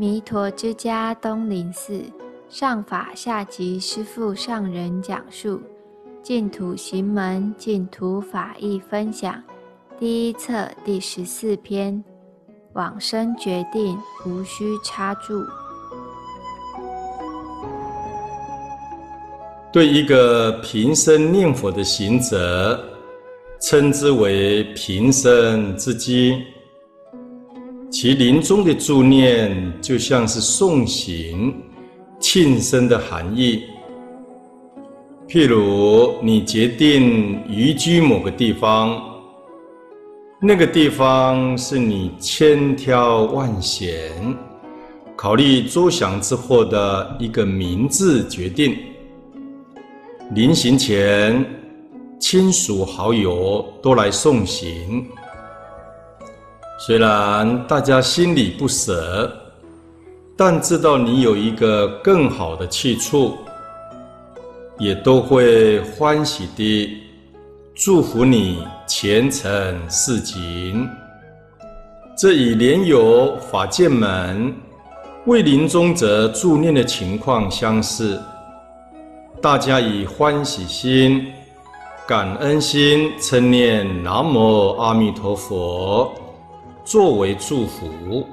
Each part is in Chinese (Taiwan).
彌陀之家東林寺上法下寂師父上人講述，淨土行門，淨土法義分享第一冊，第十四篇，往生決定，無需插助。對一個平生念佛的行者，稱之為平生之機。其臨終的助念，就像是送行、慶生的含義。譬如你決定移居某個地方，那個地方是你千挑萬選、考慮周詳之後的一個明智決定。臨行前，親屬好友都來送行。雖然大家心裡不捨，但知道你有一個更好的去處，也都會歡喜地祝福你前程似錦。這與蓮友法劍門為臨終者助念的情況相似，大家以歡喜心、感恩心稱念南無阿彌陀佛。作為祝福，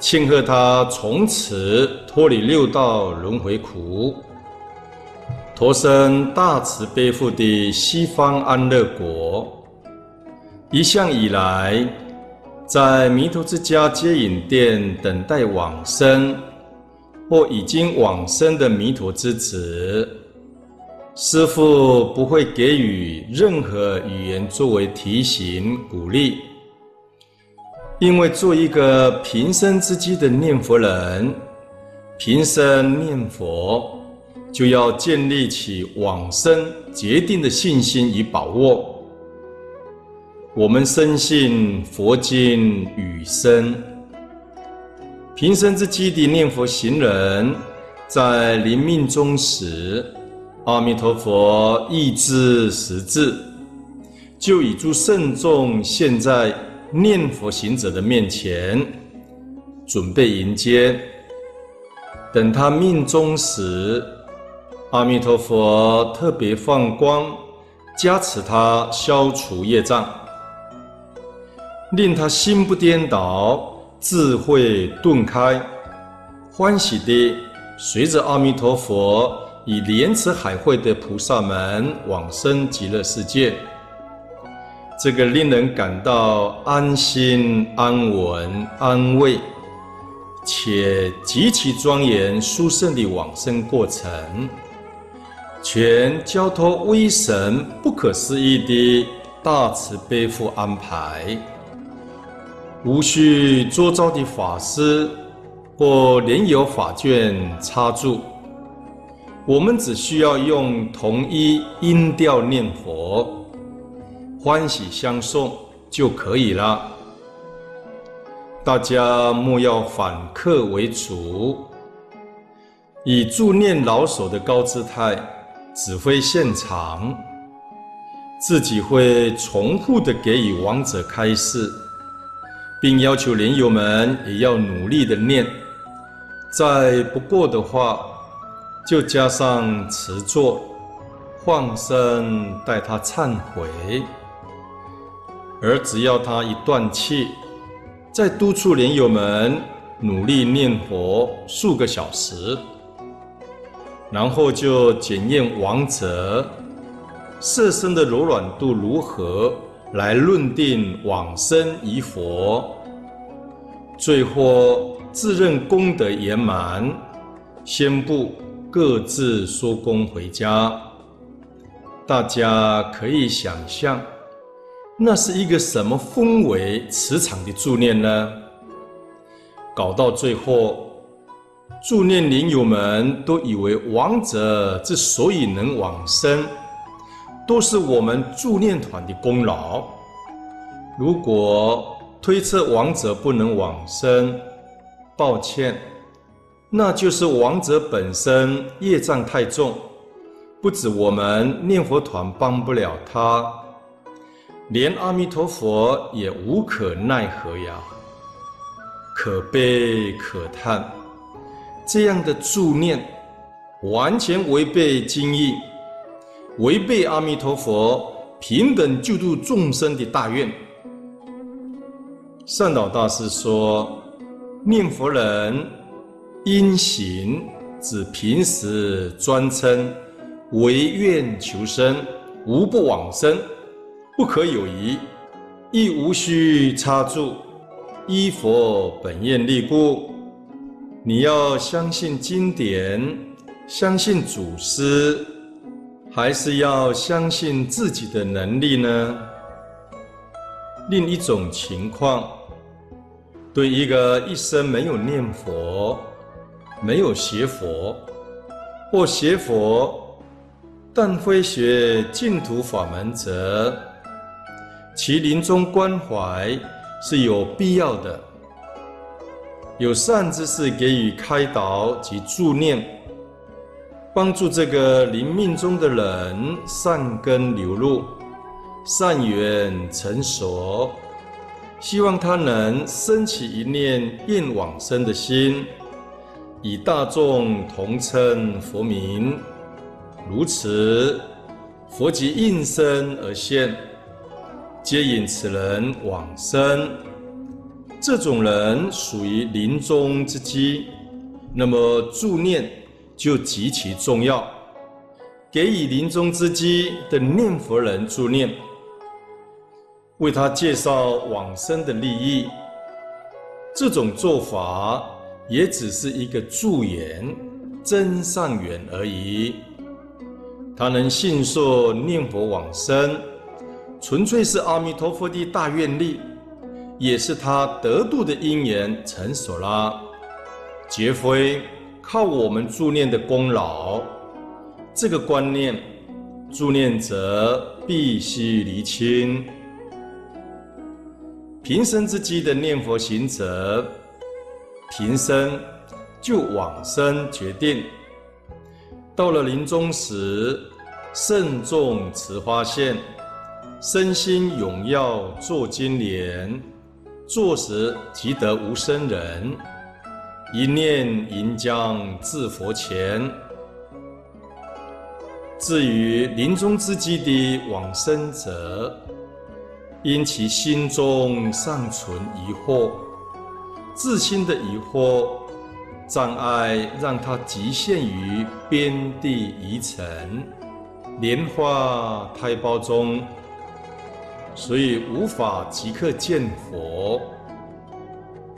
慶賀他從此脫離六道輪迴苦，投生大慈悲父的西方安樂國。一向以來，在彌陀之家接引殿等待往生或已經往生的彌陀之子，師父不會給予任何語言作為提醒鼓勵。因為做一個平生之機的念佛人，平生念佛就要建立起往生決定的信心與把握。我們深信佛經語深，平生之機的念佛行人，在臨命終時，阿彌陀佛意志識志，就以諸聖眾現在。念佛行者的面前，準備迎接，等他命終時，阿彌陀佛特別放光，加持他消除業障，令他心不顛倒，智慧頓開，歡喜地隨着阿彌陀佛，以蓮池海會的菩薩們往生極樂世界。這個令人感到安心、安穩、安慰，且極其莊嚴、殊勝的往生過程，全交托威神不可思議的大慈悲父安排，無需坐招的法師或另有法卷插助，我們只需要用同一音調念佛。歡喜相送就可以了，大家莫要反客為主，以助念老手的高姿態指揮現場，自己會重複的給予亡者開示，並要求蓮友們也要努力的念。再不過的話，就加上詞作：「放身，帶他懺悔。而只要他一斷氣，再督促蓮友們努力念佛數個小時，然後就檢驗亡者色身的柔軟度如何，來論定往生與否。最後自認功德圓滿，宣布各自收工回家。大家可以想象。那是一個什麼氛圍、磁場的助念呢？搞到最後，助念蓮友們都以為亡者之所以能往生，都是我們助念團的功勞。如果推測亡者不能往生，抱歉，那就是亡者本身業障太重，不止我們念佛團幫不了他。連阿彌陀佛也無可奈何呀，可悲可嘆！這樣的助念，完全違背經義，違背阿彌陀佛平等救度眾生的大願。善導大師說：“念佛人因行，指平時專稱，唯願求生，無不往生。”不可有疑，亦無須插助。依佛本願力故，你要相信經典，相信祖師，還是要相信自己的能力呢？另一種情況，對一個一生沒有念佛、沒有學佛，或學佛但非學淨土法門者，則，其臨終關懷是有必要的，有善知識給予開導及助念，幫助這個臨命終的人善根流露、善緣成熟，希望他能升起一念願往生的心，以大眾同稱佛名，如此佛即應身而現。接引此人往生，這種人屬於臨終之機，那麼助念就極其重要。給予臨終之機的念佛人助念，為他介紹往生的利益，這種做法也只是一個助緣、增上緣而已。他能信受念佛往生。純粹是阿彌陀佛的大願力，也是他得度的因緣成熟了。絕非靠我們助念的功勞，這個觀念，助念者必須釐清。平生之機的念佛行者，平生就往生決定，到了臨終時，慎重持花線身心永耀坐金蓮，坐時即得無生忍，一念迎將至佛前。至於臨終之際的往生者，因其心中尚存疑惑，自心的疑惑障礙，讓他局限於邊地疑城，蓮花胎胞中。所以無法即刻見佛，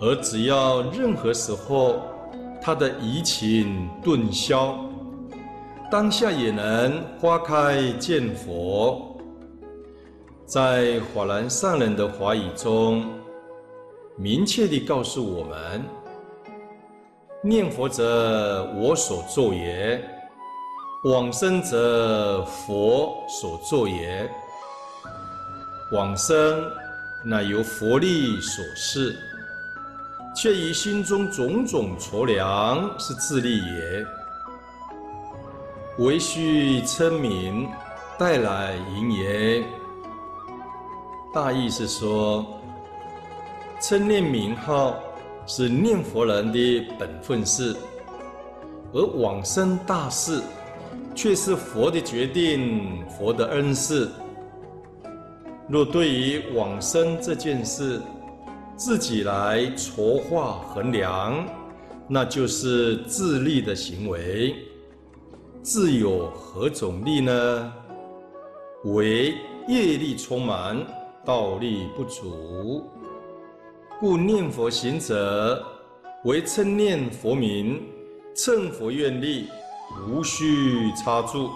而只要任何時候他的疑情頓消，當下也能花開見佛。在法然上人的法語中，明確地告訴我們：念佛者我所作也，往生者佛所作也。往生乃由佛力所示，卻以心中種種籌量是自力也。唯須稱名，帶來迎也。大意是說，稱念名號是念佛人的本分事，而往生大事卻是佛的決定，佛的恩賜。若對於往生這件事，自己來籌劃衡量，那就是自力的行為，自有何種力呢？為業力充滿，道力不足，故念佛行者，唯稱念佛名，乘佛願力，無需插助。